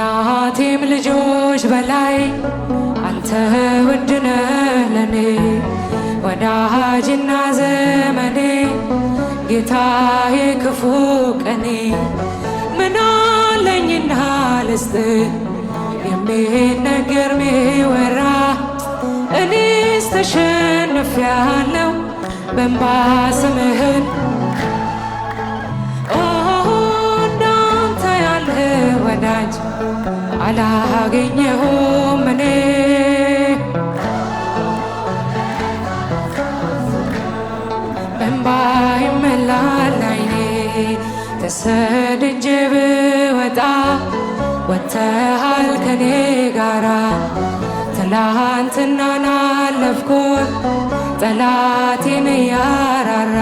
ከእናቴም ልጆች በላይ አንተ ውድ ነህ ለኔ ወዳጅና ዘመኔ ጌታዬ ክፉ ቀኔ ምናለኝና ልስጥ የሚነገር ሚወራ እኔስ ተሸንፌያለሁ በእንባ ስምህን እንዳንተ ያለ ወዳጅ አላገኘሁም እኔ በእንባ ይሞላል ዓይኔ ተሰድጄ ብወጣ ወጥተሃል ከኔ ጋራ ትላንትናን አለፍኩ ጠላቴን እያራራ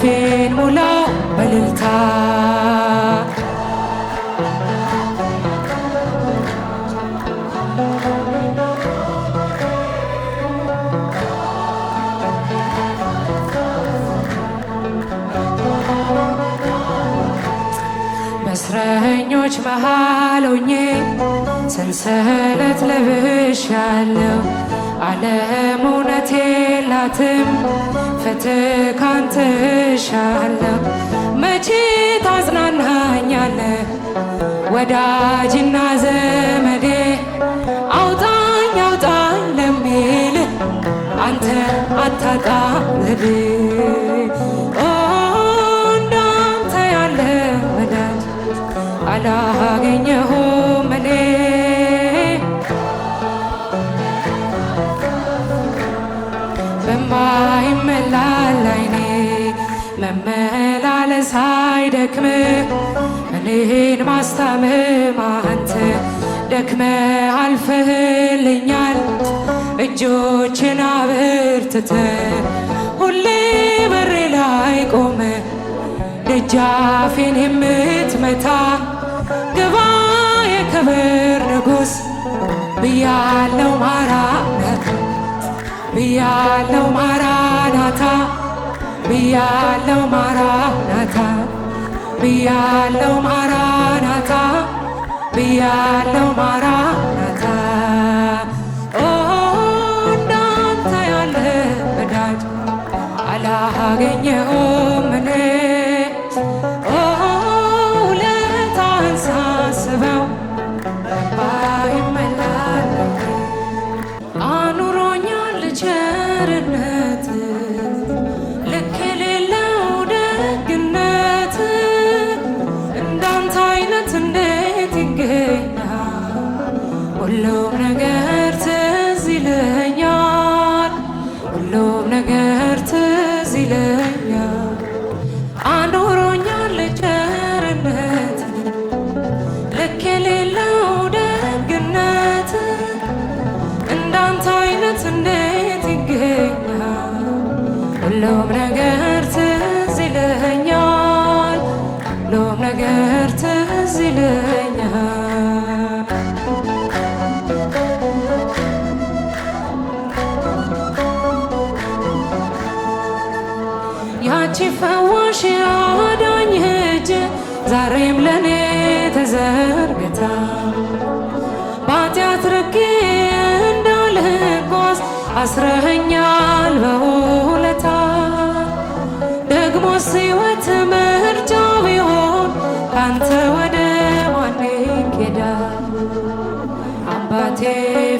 confirmo ሰንሰለት ለብሻለሁ ዓለም እውነት የላትም ፍትህ ካንተ ሻለሁ መቼ ታጽናናኛለ ወዳጅና ዘመዴ አውጣኝ አውጣኝ ለሚል አንተ አታጣም ዘዴ እንዳንተ ያለ ወዳጅ አላገኘሁ ሳይደክም እኔን ማስታመም አንተ ደክመ አልፈህልኛል። እጆችን አበርትተ ሁሌ በሬ ላይ ቆመ ደጃፌን የምትመታ ግባ የክብር ንጉስ! ብያለው ማራ ብያለው ብያለው ማራናታ ብያለው ማራናታ ብያለው ማራናታ እንዳንተ ያለ ወዳጅ አላገኘሁም እኔ ውለታህን ሳስበው ያቺ ፈዋሽ አዳኝ እጅ ዛሬም ለኔ ተዘርግታ ባጢአት ርቄ እንዳልጓዝ አስረኸኛል በውለታ ደግሞስ ሕይወት ምርጫ ቢሆን ካንተ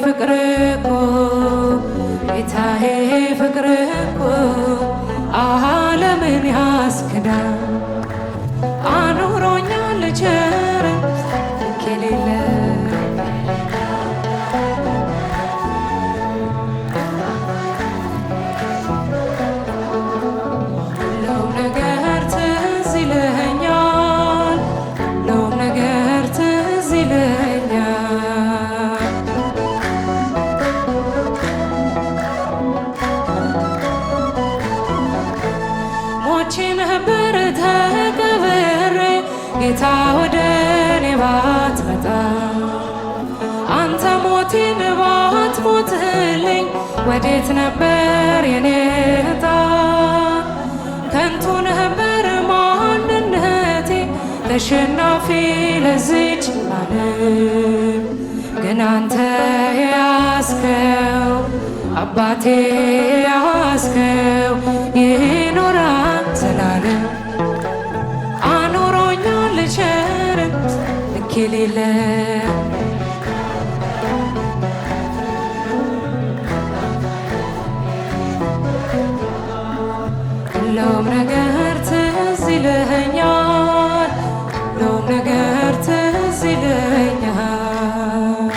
ፍቅር እኮ ጌታዬ ፍቅር እኮ ዓለምን ያስክዳል ጌታ ወደ እኔ ባትመጣ አንተ ሞቴን ባትሞትልኝ ወዴት ነበር የኔ ዕጣ? ከንቱ ነበር ማንነቴ ተሸናፊ ለዚች ዓለም ግን አንተ ያስከው አባቴ ያስከው ይኖራ ዘላለም sevgiliyle لو نقهر تهزي لهنيار لو نقهر تهزي لهنيار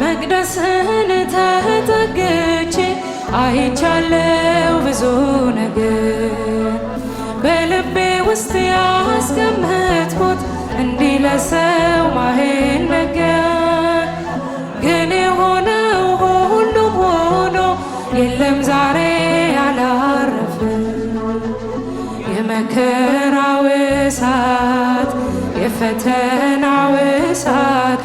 مقدسهن تهتقجي አይቻለሁ ብዙ ነገር በልቤ ውስጥ ያስቀመጥኩት እንዲህ ለሰው ማይነገር ግን የሆነው ሁሉም ሆኖ የለም ዛሬ ያላረፈ የመከራው እሳት የፈተናው እሳት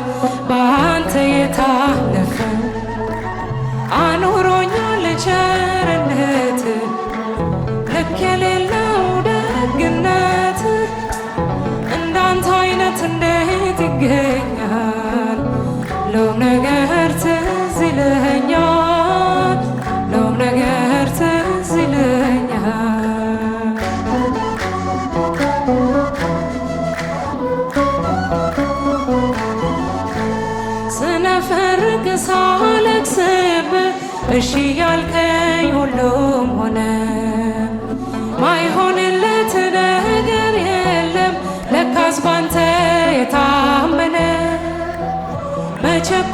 ይገኛል ለሁሉም ነገር ትዝ ይለኛል ለሁሉም ነገር ትዝ ይለኛል ስነፈርክ ሳለቅስብ እሺ ያልከኝ ሁሉም ሆነ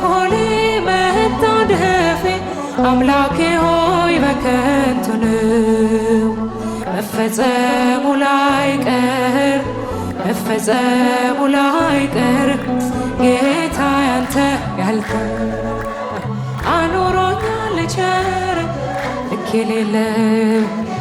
ሆነ መታደፌ አምላኬ ሆይ በከንቱ ነው መፈጸሙ ላይቀር መፈጸሙ ላይቀር ጌታ ያንተ ያልከ አኑሮኛል ቸር ልክ የሌለው